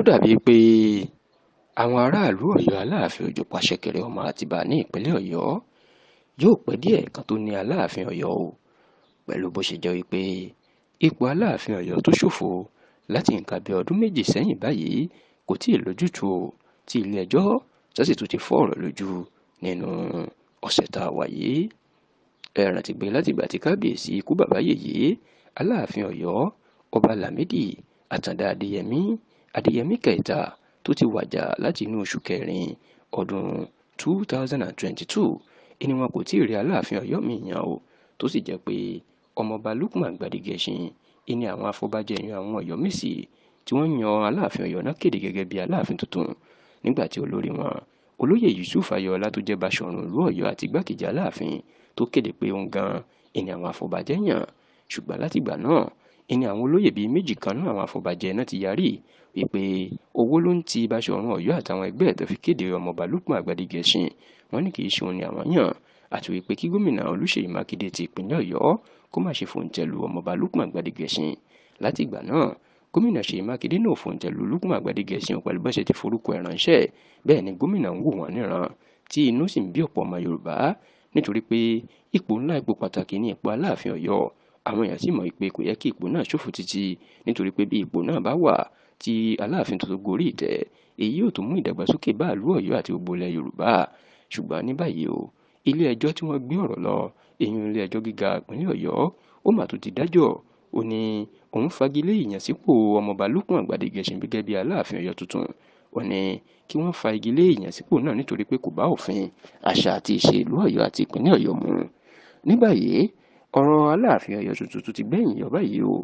ó dàbí pé àwọn aráàlú ọ̀yọ́ aláàfin òjò pàṣẹkẹrẹ ọmọ àtìbà ní ìpínlẹ̀ ọ̀yọ́ yóò pẹ́ díẹ̀ kan tó ní aláàfin ọ̀yọ́ o pẹ̀lú bó ṣe jẹ́ wípé ipò aláàfin ọ̀yọ́ tó ṣòfò láti nǹkan bí ọdún méjì sẹ́yìn báyìí kò tíì lójútùú tí ilé ẹjọ́ sẹ́sì tún ti fọ́ ọ̀rọ̀ lójú nínú ọ̀sẹ̀ tá a wà yìí ẹ rántí pé látìgbà tí kábíyèsí ikú bàbá yèyé aláàfin ọ̀yọ́ ọba lámìdí àtàndá adéyẹmí Adéyẹmí kẹta tó ti wàjà láti inú oṣù kẹrin ọdún 2022, ẹni wọn kò tíì rí Aláàfin Ọ̀yọ́ míì yàn o, tó sì jẹ́ pé Ọmọọba Lukman Gbádégẹṣin ìní àwọn afọbajẹyàn àwọn Ọ̀yọ́mèsì tí wọ́n yan Aláàfin Ọ̀yọ́ náà kéde gẹ́gẹ́ bí Aláàfin tuntun nígbà tí olórí wọn Olóyè Yusuf Ayọ̀ọ́lá tó jẹ́ Báṣọ̀run ìlú Ọ̀yọ́ àti igbákejì Aláàfin tó kéde pé òun gan-an àwọn afọbajẹ yàn. Ṣùgbọ́n látìgbà náà ìní àwọn olóyè bíi méjì kan náà àwọn afọbajẹ náà ti yarí wípé owó ló ń ti Báṣọ̀run Ọ̀yọ́ àtàwọn ẹgbẹ́ ẹ̀ tó fi kéde ọmọọba Lukman Agbadigẹṣin wọ́n ní kì í ṣe òun ni àwọn yàn àti wípé kí gómìnà Olúṣèyí Mákindé ti ìpínlẹ̀ Ọ̀yọ́ kó má ṣe fòǹtẹ̀lù ọmọọba Lukman Agbadigẹṣin láti ìgbà náà gómìnà Ṣèyí Mákindé náà fòǹtẹ̀lù Lukman Agbadigẹṣin pẹ̀lú bọ́sẹ̀ ti forúkọ ẹ̀ bẹ́ẹ̀ ni gómìnà ń wò wọ́n níran tí inú sì ń bí ọ̀pọ̀ ọmọ Yorùbá nítorí pé ipò ńlá ipò pàtàkì ní ipò Aláàfin Ọ̀yọ́ àwọn èèyàn sì mọ̀ pé kò yẹ kí ipò náà ṣòfò títí nítorí pé bí ipò náà bá wà tí aláàfin tuntun gorí ìtẹ́ èyí yóò tún mú ìdàgbàsókè bá ìlú Ọ̀yọ́ àti gbogbo ilẹ̀ Yorùbá ṣùgbọ́n ní báyìí o ilé ẹjọ́ tí wọ́n gbé ọ̀rọ̀ lọ èyí ilé ẹjọ́ gíga ìpínlẹ̀ Ọ̀yọ́ ó mà tó ti dájọ́ ó ní òun fagilé ìyànsípò ọmọọba Lókun Àgbàdé Ìgẹ̀ṣin gẹ́gẹ́ bí aláàfin Ọ̀yọ́ tuntun ó ní kí wọ́n fa igilé ìyànsípò náà nítorí pé kò bá òfin àṣà àti ìṣe Ọ̀yọ́ àti ìpínlẹ̀ Ọ̀yọ́ mu ní báyìí ọ̀rọ̀ aláàfin ọ̀yọ́ tuntun tó ti gbẹ̀yìn yọ báyìí o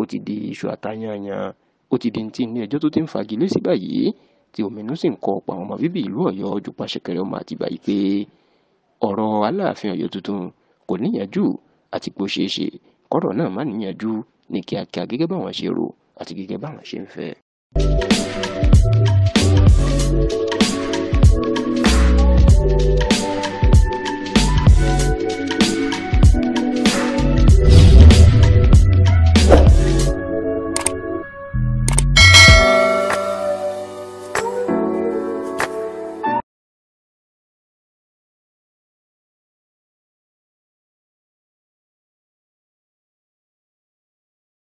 ó ti di iṣu àtayànyàn ó ti di ní ti ilé ẹjọ́ tó ti ń fagilé sí báyìí tí òmìnú sì ń kọ ọ̀pọ̀ àwọn ọmọ bíbí ìlú ọ̀yọ́ ojú pàṣẹkẹrẹ ọmọ àtìgbà yìí pé ọ̀rọ̀ aláàfin ọ̀yọ́ tuntun kò níyànjú àti pé ṣeé ṣe kọ́rọ̀ náà má níyànjú ní kíákíá gẹ́gẹ́ báwọn ṣe rò àti gẹ́gẹ́ báwọn ṣe ń fẹ́.